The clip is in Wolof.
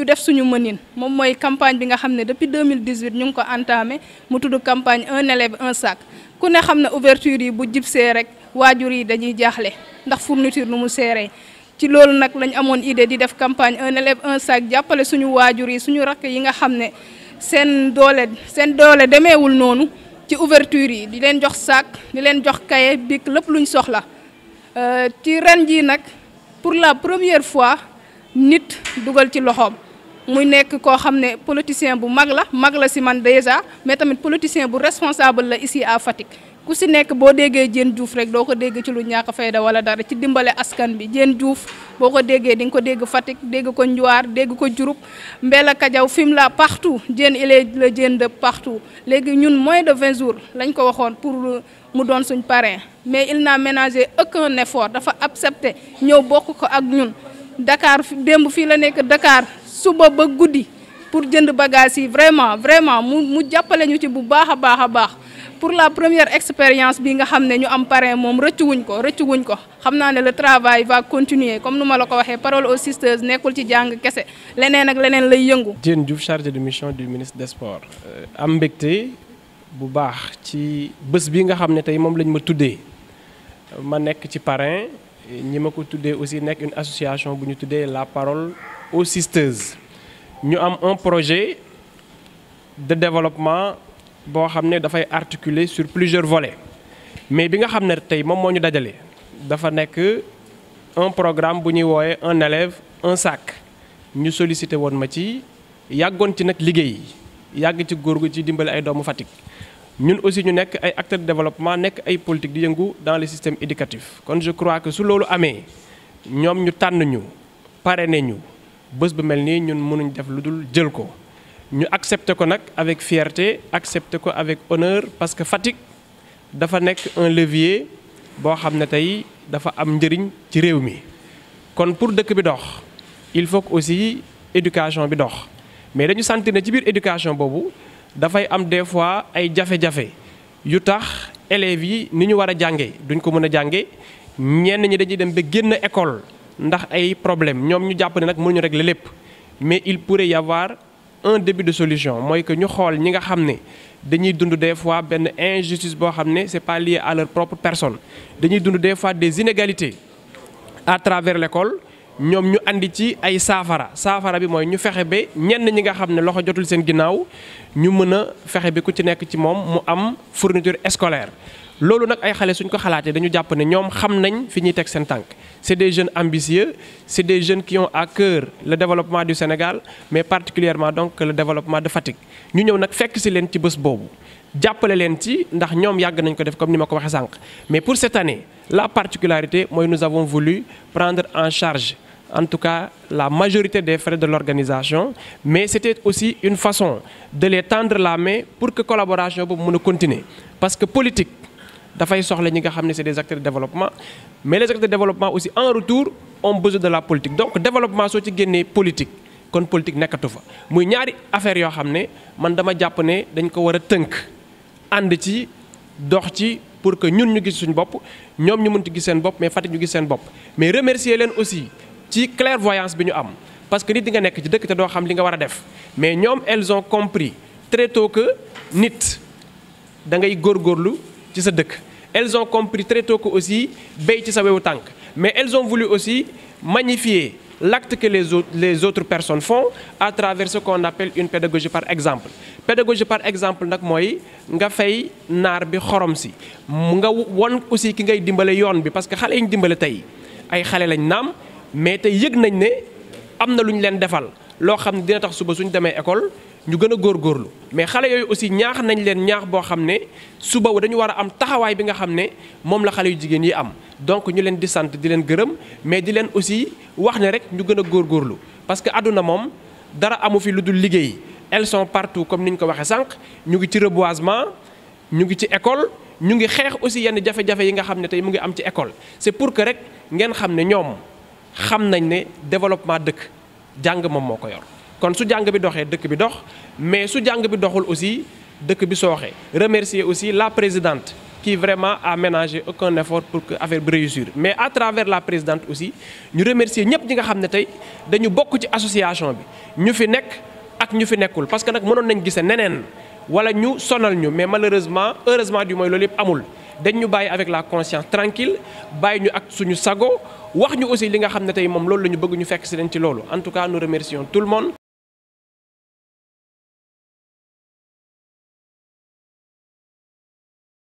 lu def suñu mënin moom mooy campagne bi nga xam ne depuis 2018 ñu ngi ko entamé mu tudd campagne un élève un sac ku ne xam ne ouverture yi bu jibsee rek waajur yi dañuy jaaxle ndax fourniture nu mu seeree ci loolu nag lañ amoon idée di def campagne un élève un sac jàppale suñu waajur yi suñu rakk yi nga xam ne seen doole seen doole demeewul noonu ci ouverture yi di leen jox sac di leen jox kaye bic lépp luñ soxla euh, ci ren jii nag pour la première fois nit dugal ci loxoom muy nekk koo xam ne politicien bu mag la mag la si man déjà mais tamit politicien bu responsable la ici à Fatick ku si nekk boo déggee Diène juuf rek doo ko dégg ci lu ñàkk fayda wala dara ci dimbale askan bi Diène juuf boo ko déggee di nga ko dégg Fatick dégg ko Njuwaar dégg ko Diouroup Mbella Kajaw Fimela partout Diène il est le Diène de partout léegi ñun moins de vingt jours lañ ko waxoon pour mu doon suñ parrain mais il n'a ménagé aucun effort dafa accepté ñëw bokk ko ak ñun Dakar démb fii la nekk Dakar suba ba guddi pour jënd bagages yi vraiment vraiment mu mu jàppale ñu ci bu baax a baax a baax pour la première expérience bi nga xam ne ñu am parrain moom rëccuwuñ ko rëccuwuñ ko xam naa ne le travail va continuer comme nu ma la ko waxee parole aux sisters nekkul ci jàng kese leneen ak leneen lay yëngu. Diène Diouf chargé de mission du ministre des sports euh, am mbégte bu baax ci bés bi nga xam ne tey moom lañ ma tuddee ma nekk ci parrain. ñi ma ko tuddee aussi nekk une association bu ñu tuddee la parole au sisters ñu am un projet de développement boo xam ne dafay articuler sur plusieurs volets mais bi nga xam ne tey moom moo ñu dajale dafa nekk un programme bu ñuy wooyee un élève un sac ñu sollicité woon ma ci yàggoon ci nag liggéey yàgg ci góor gu ci dimbali ay doomu Fatick ñun aussi ñu nekk ay acteurs de développement nekk ay politique di yëngu dans le système éducatif kon je crois que su loolu amee ñoom ñu tànn ñu parrainé ñu bés bu mel nii ñun mënuñ def lu dul jël ko ñu accepté ko nag avec fierté accepté ko avec honneur parce que Fatick dafa nekk un levier boo xam ne tey dafa am njëriñ ci réew mi kon pour dëkk bi dox il faut que aussi éducation bi dox mais dañu sentir ne ci biir éducation boobu dafay am des fois ay jafe-jafe yu tax élèves yi ni ñu war a jànge duñ ko mën a jànge ñenn ñi dañuy dem ba génn école ndax ay problème ñoom ñu jàpp ne nag mënuñu régler lépp mais il pourrait y un début de solution mooy que ñu xool ñi nga xam ne dañuy dund des fois benn injustice boo xam ne c'est pas lié à leur propre personne dañuy dund des fois des inégalités à travers l'école ñoom ñu indi ci ay saafara saafara bi mooy ñu fexe ba ñenn ñi nga xam ne loxo jotul seen ginnaaw ñu mën a fexe bi ku ci nekk ci moom mu am fourniture scolaire. loolu nag ay xale suñ ko xalaatee dañu jàpp ne ñoom xam nañ fi ñuy teg seen tànk c'est des jeunes ambitieux c'est des jeunes qui ont à cœur le développement du Sénégal mais particulièrement donc le développement de Fatick ñu ñëw nag fekk si leen ci bés boobu jàppale leen ci ndax ñoom yàgg nañ ko def comme ni ma ko waxee sànq mais pour cette année la particularité mooy nous avons voulu prendre en charge en tout cas la majorité des frais de l'organisation mais c'était aussi une façon de les tendre la mais pour que collaboration boobu mën a continuer parce que politique dafay soxla ñi nga xam ne c'est des acteurs de développement mais les acteurs de développement aussi en retour ont besoin de la politique donc développement soo ci génnee politique kon politique nekkatu fa muy ñaari affaire yoo xam ne man dama jàpp ne dañ ko war a tënk ànd ci dox ci pour que ñun ñu gis suñu bopp ñoom ñu mënti gis seen bopp mais Fatick ñu gis seen bopp mais remercier leen aussi ci clairvoyance bi ñu am parce que nit di nga nekk ci dëkk te doo xam li nga war a def mais ñoom elles ont compris très tôt nit da ngay góorlu ci sa dëkk elles ont compris très tôt aussi béy ci sa wewu tànk mais elles ont voulu aussi magnifier l'acte que les autres les autres personnes font à travers ce qu'on une pédagogie par exemple pédagogie par exemple nag mooy nga fay naar bi xorom si nga won aussi ki ngay dimbale yoon bi parce que xale yi dimbale tey ay xale lañ naam mais tey yëg nañ ne am na lu ñu leen defal loo xam ne dina tax suba suñu demee école ñu gën a góorlu mais xale yooyu aussi ñaax nañ leen ñaax boo xam ne suba dañu war a am taxawaay bi nga xam ne moom la xale yu jigéen yi am donc ñu leen di sant di leen gërëm mais di leen aussi wax ne rek ñu gën a góorlu parce que àdduna moom dara amu fi lu dul liggéey elles partout comme ni ñu ko waxee sànq ñu ngi ci reboisement ñu ngi ci école ñu ngi xeex aussi yenn jafe yi nga xam ne tey mu ngi am ci école c'est pour que rek ngeen xam ne ñoom xam nañ ne développement dëkk jàng moom moo ko yor kon su jàng bi doxee dëkk bi dox mais su jàng bi doxul aussi dëkk bi sooxee remercier aussi la présidente qui vraiment a ménagé aucun effort pour que affaire bi réussir mais à travers la présidente aussi ñu remercier ñëpp ñi nga xam ne tey dañu bokk ci association bi ñu fi nekk ak ñu fi nekkul parce que nag mënoon nañ gise neneen wala ñu sonal ñu mais malheureusement heureusement du mooy loolu yëpp amul dañ bàyyi avec la conscience tranquille bàyyi ñu ak suñu sago wax ñu aussi li nga xam ne tey moom loolu la ñu bëgg ñu fekk si leen ci loolu en tout cas tout le monde